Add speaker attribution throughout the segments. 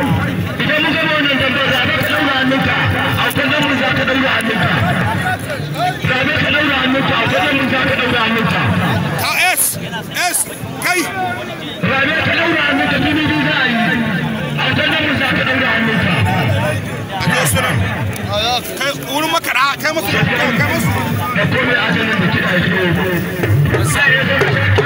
Speaker 1: idan muka ba a ka a kai musu kai musu da da kiɗa sai ya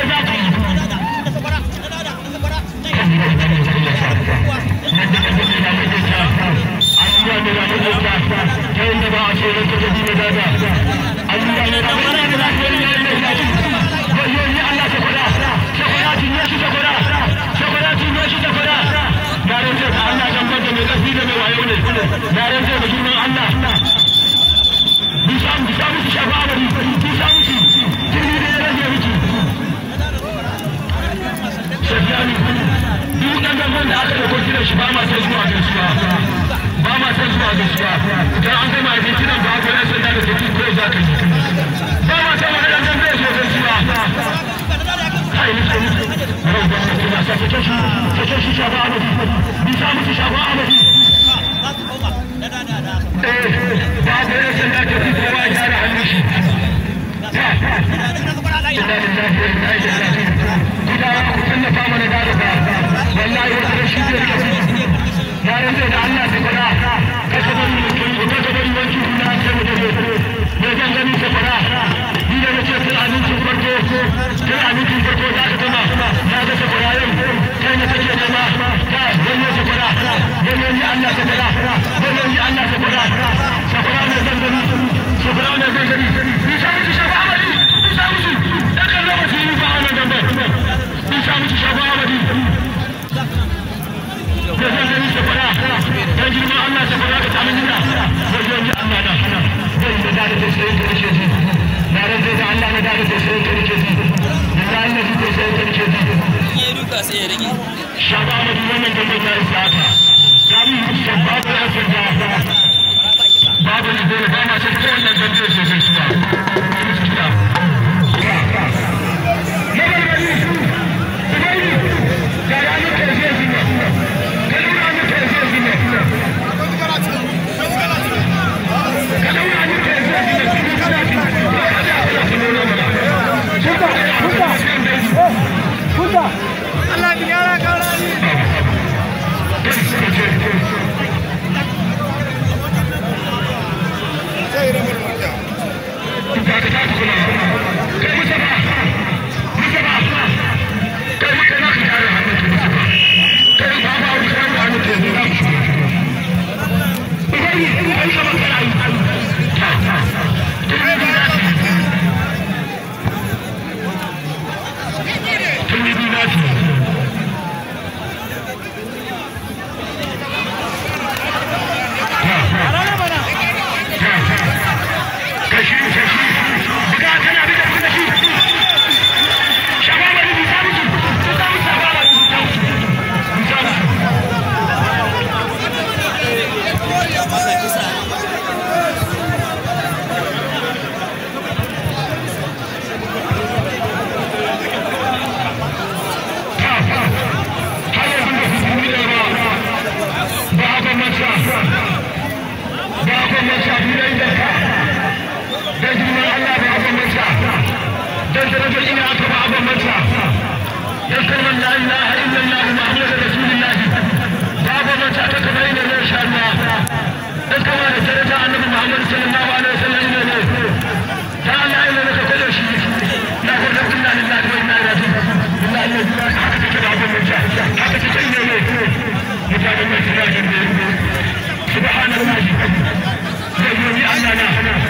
Speaker 1: Bishan, bishan, bishan, bishan, bishan, bishan, shafi'ani duk ɗan da aka ɗauko kiran shi ba ma san zuwa gaskiya ba ma san zuwa gaskiya an ba da tafi ka yi ba ma ba shi shi bi sa ba tafi Allah ku tallafa mana da da wallahi wasu da shi ne da Allah ta fara wanki na sai zan gani ta fara ni da nace tun abincin farko tun ka na ga ta yau ta ta ni Allah ta ni Allah ta شباب wannan jirgin ya isa ta gami shabab ya isa ta babu ne dole ba ma sai kowannan jirgin sosai هذا الرجل إني أكبر أبو مجرى يذكر من لا إله إلا الله محمد رسول الله بابا مجرى تكبرين إن شاء الله اذكر ما درجة عن النبي محمد صلى الله عليه وسلم إلى الله تعالى إلى لك كل شيء لا قول لك إلا لله وإنا إلى جنة إلا إلا حتى تكبر أبو مجرى حتى تكبر سبحان الله مجرى من سبحان الله يومي أنا نحن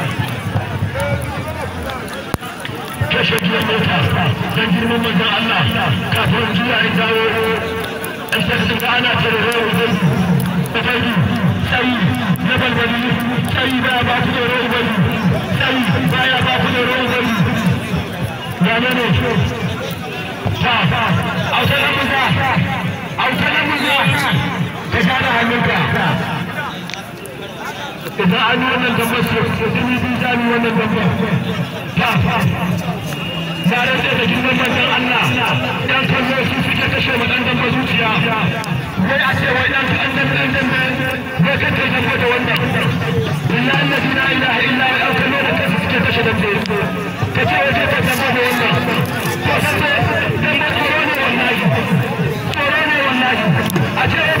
Speaker 1: kashe biyan mota don girman manzon Allah kafin jiya in dawo in ta kasance ana cire rawar ubangi ubangi tsayi na balbali tsayi ba ba ku tsoro ubangi tsayi ba ya ba ku tsoro ubangi ya ne ne ta autana muza autana muza ka share hannunka idan an yi wannan tambar sai jini biyu jami wannan tambar ta tare da girman manzon Allah dan kallo su suke kashe mu dan dambe zuciya wai a ce wai dan dan dan dan dan wai ka kai dambe da wannan billahi allazi la ilaha illa huwa dan kallo da kansu suke kashe dambe ka ce wai ka dambe da wannan ko san dambe tsoro ne wallahi tsoro ne wallahi a ce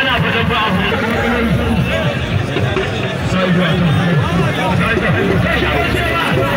Speaker 1: ana fatan ba a hudu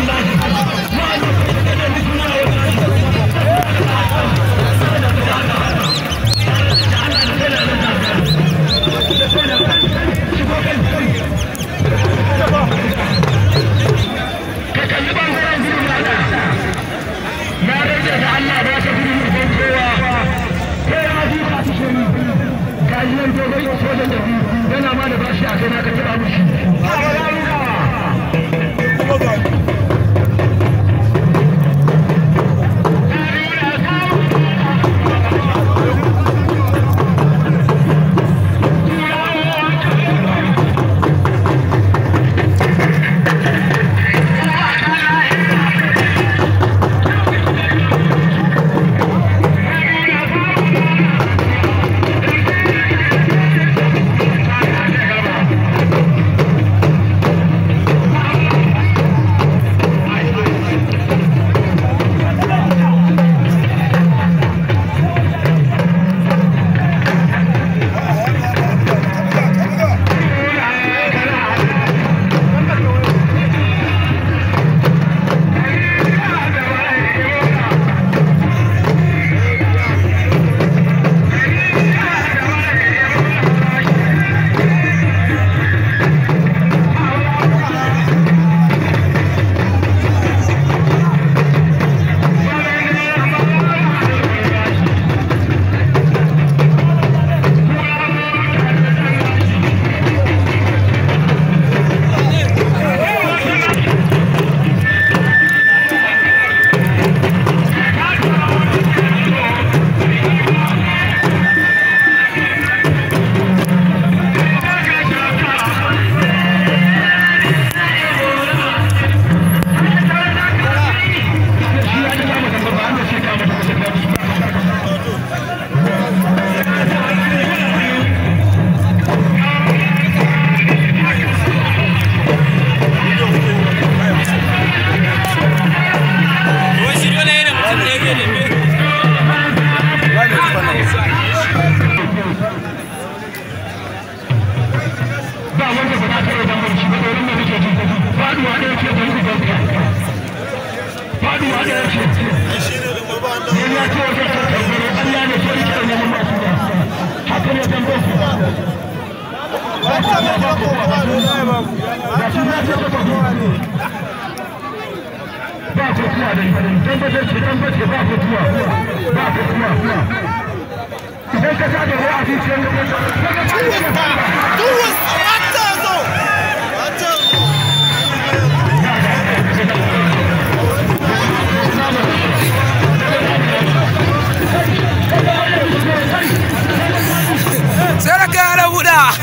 Speaker 1: Comandante. toi, tabbatar ki ba fituwa ba fituwa idan ka sa da ruwa a zuciyar ka Será que era budak?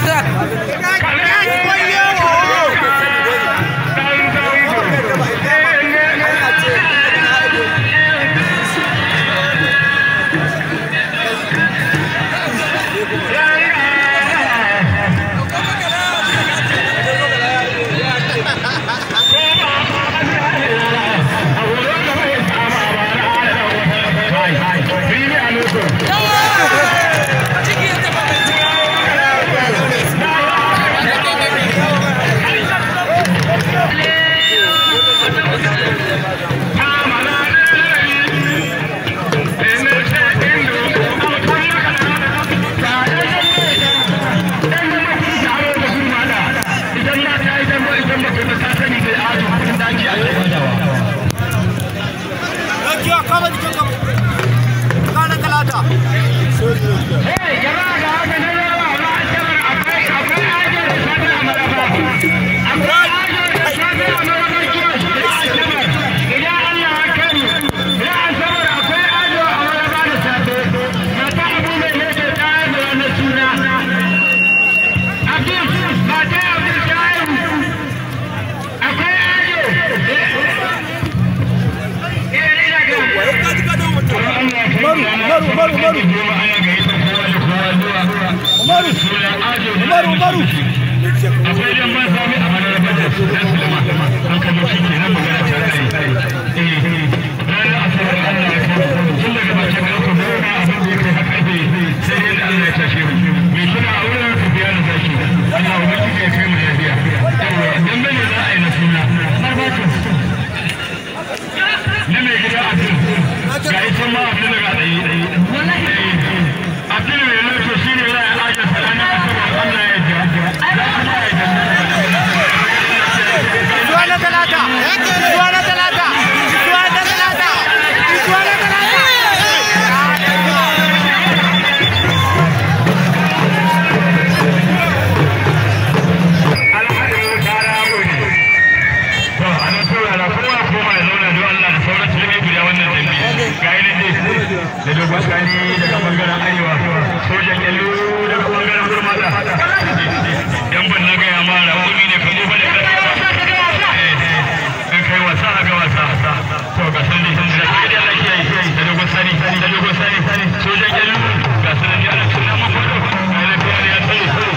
Speaker 1: kowa koma ya zauna don Allah da sauran su zai guda wannan dambe ga yi nan da dogon sani daga bangaren arewa sojan yallo daga bangaren da yan ban na gaya ma rakumi ne ka gobe da kai in eh, eh, kai wasa a ga wasa to ga san da san da kai da lafiya yi da dogon sani da dogon sani sojan yallo ga sanan ya rasu na mafi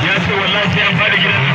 Speaker 1: ya ce wallahi sai an fara gidan